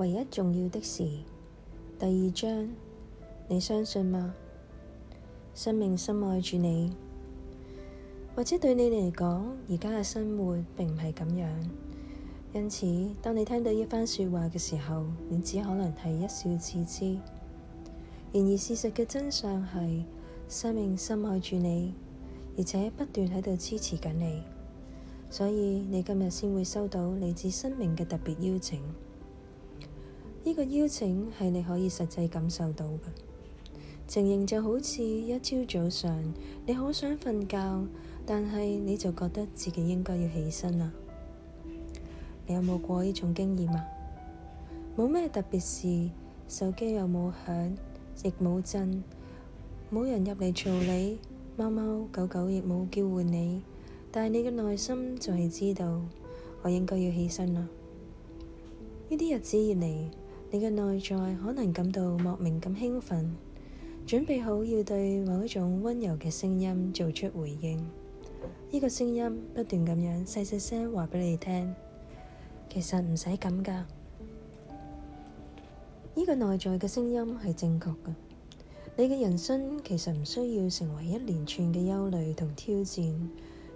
唯一重要的事，第二章，你相信嗎？生命深愛住你，或者對你嚟講，而家嘅生活並唔係咁樣。因此，當你聽到一番說話嘅時候，你只可能係一笑置之。然而，事實嘅真相係，生命深愛住你，而且不斷喺度支持緊你，所以你今日先會收到嚟自生命嘅特別邀請。呢個邀請係你可以實際感受到嘅。情形就好似一朝早上，你好想瞓覺，但係你就覺得自己應該要起身啦。你有冇過呢種經驗啊？冇咩特別事，手機又冇響，亦冇震，冇人入嚟嘈你，貓貓狗狗亦冇叫喚你，但係你嘅內心就係知道我應該要起身啦。呢啲日子以嚟。你嘅內在可能感到莫名咁興奮，準備好要對某一種溫柔嘅聲音做出回應。呢個聲音不斷咁樣細細聲話畀你聽，其實唔使咁噶。呢個內在嘅聲音係正確噶。你嘅人生其實唔需要成為一連串嘅憂慮同挑戰，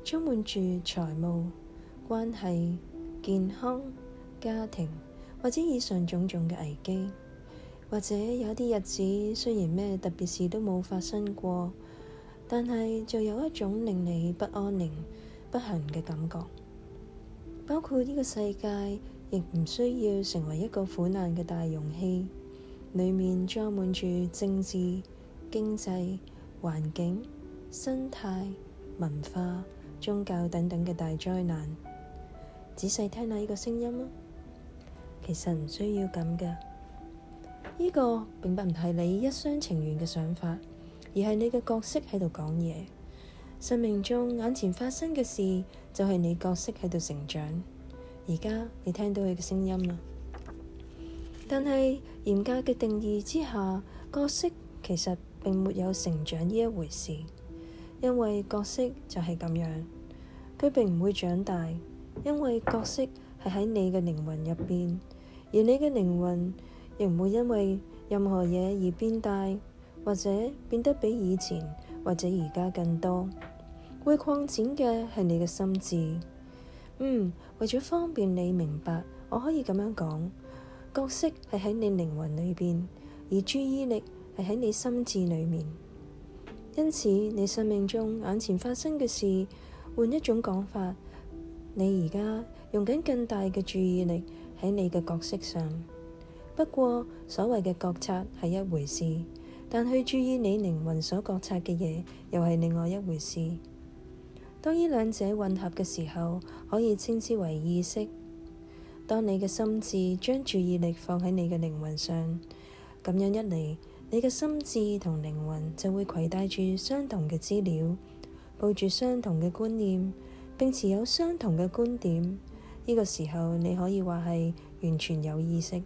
充滿住財務、關係、健康、家庭。或者以上種種嘅危機，或者有啲日子雖然咩特別事都冇發生過，但係就有一種令你不安寧、不幸嘅感覺。包括呢個世界亦唔需要成為一個苦難嘅大容器，裏面裝滿住政治、經濟、環境、生態、文化、宗教等等嘅大災難。仔細聽下呢個聲音啊！其實唔需要咁㗎，呢、這個並不唔係你一廂情願嘅想法，而係你嘅角色喺度講嘢。生命中眼前發生嘅事就係、是、你角色喺度成長。而家你聽到佢嘅聲音啦，但係嚴格嘅定義之下，角色其實並沒有成長呢一回事，因為角色就係咁樣，佢並唔會長大，因為角色係喺你嘅靈魂入邊。而你嘅靈魂亦唔會因為任何嘢而變大，或者變得比以前或者而家更多。會擴展嘅係你嘅心智。嗯，為咗方便你明白，我可以咁樣講：角色係喺你靈魂裏邊，而注意力係喺你心智裏面。因此，你生命中眼前發生嘅事，換一種講法，你而家用緊更大嘅注意力。喺你嘅角色上，不過所謂嘅覺察係一回事，但去注意你靈魂所覺察嘅嘢，又係另外一回事。當呢兩者混合嘅時候，可以稱之為意識。當你嘅心智將注意力放喺你嘅靈魂上，咁樣一嚟，你嘅心智同靈魂就會攜帶住相同嘅資料，抱住相同嘅觀念，並持有相同嘅觀點。呢個時候，你可以話係完全有意識。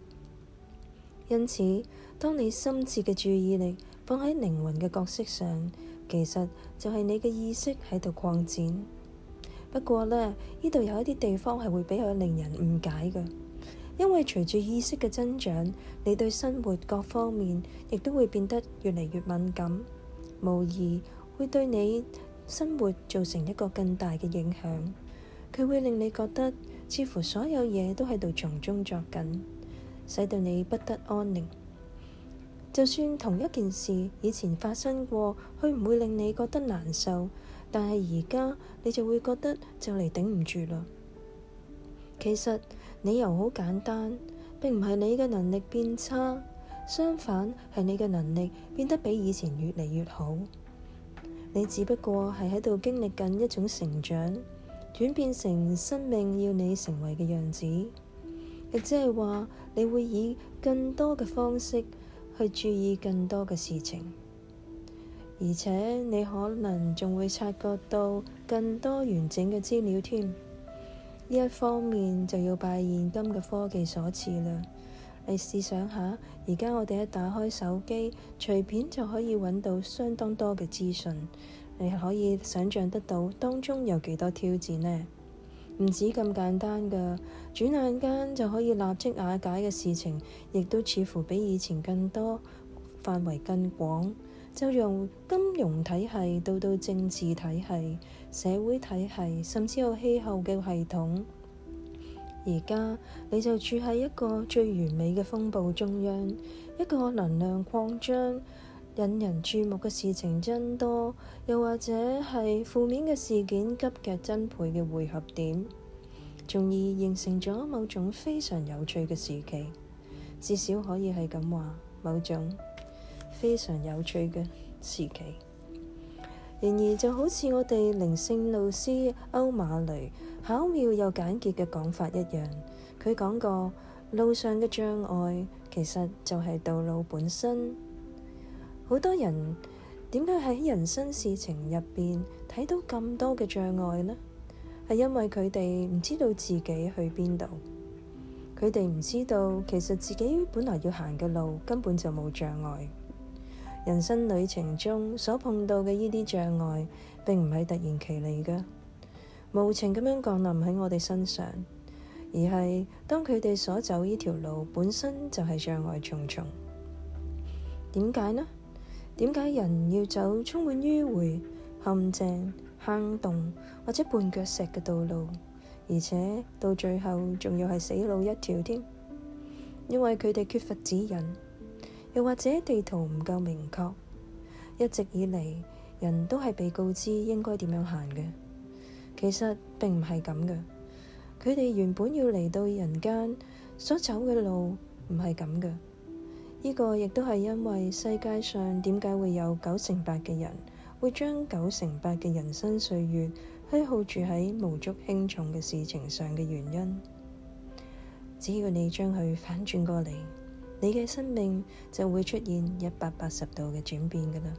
因此，當你深切嘅注意力放喺靈魂嘅角色上，其實就係你嘅意識喺度擴展。不過呢，呢度有一啲地方係會比較令人誤解嘅，因為隨住意識嘅增長，你對生活各方面亦都會變得越嚟越敏感，無疑會對你生活造成一個更大嘅影響。佢會令你覺得。似乎所有嘢都喺度從中作梗，使到你不得安寧。就算同一件事以前發生過，佢唔會令你覺得難受，但係而家你就會覺得就嚟頂唔住啦。其實理由好簡單，並唔係你嘅能力變差，相反係你嘅能力變得比以前越嚟越好。你只不過係喺度經歷緊一種成長。轉變成生命要你成為嘅樣子，亦即係話你會以更多嘅方式去注意更多嘅事情，而且你可能仲會察覺到更多完整嘅資料添。呢一方面就要拜現今嘅科技所賜啦。你試想下，而家我哋一打開手機，隨便就可以揾到相當多嘅資訊。你可以想象得到當中有幾多挑戰呢？唔止咁簡單㗎，轉眼間就可以立即瓦解嘅事情，亦都似乎比以前更多、範圍更廣。就由金融體系到到政治體系、社會體系，甚至有氣候嘅系統。而家你就處喺一個最完美嘅風暴中央，一個能量擴張。引人注目嘅事情增多，又或者係負面嘅事件急劇增倍嘅匯合點，從而形成咗某種非常有趣嘅時期。至少可以係咁話，某種非常有趣嘅時期。然而就好似我哋靈性老師歐馬雷巧妙又簡潔嘅講法一樣，佢講過路上嘅障礙其實就係道路本身。好多人點解喺人生事情入邊睇到咁多嘅障礙呢？係因為佢哋唔知道自己去邊度，佢哋唔知道其實自己本來要行嘅路根本就冇障礙。人生旅程中所碰到嘅呢啲障礙並唔係突然其嚟嘅，無情咁樣降臨喺我哋身上，而係當佢哋所走呢條路本身就係障礙重重。點解呢？點解人要走充滿迂迴、陷阱、坑洞或者絆腳石嘅道路，而且到最後仲要係死路一條添？因為佢哋缺乏指引，又或者地圖唔夠明確。一直以嚟，人都係被告知應該點樣行嘅。其實並唔係咁嘅，佢哋原本要嚟到人間所走嘅路唔係咁嘅。呢個亦都係因為世界上點解會有九成八嘅人會將九成八嘅人生歲月虛耗住喺無足輕重嘅事情上嘅原因。只要你將佢反轉過嚟，你嘅生命就會出現一百八十度嘅轉變㗎喇。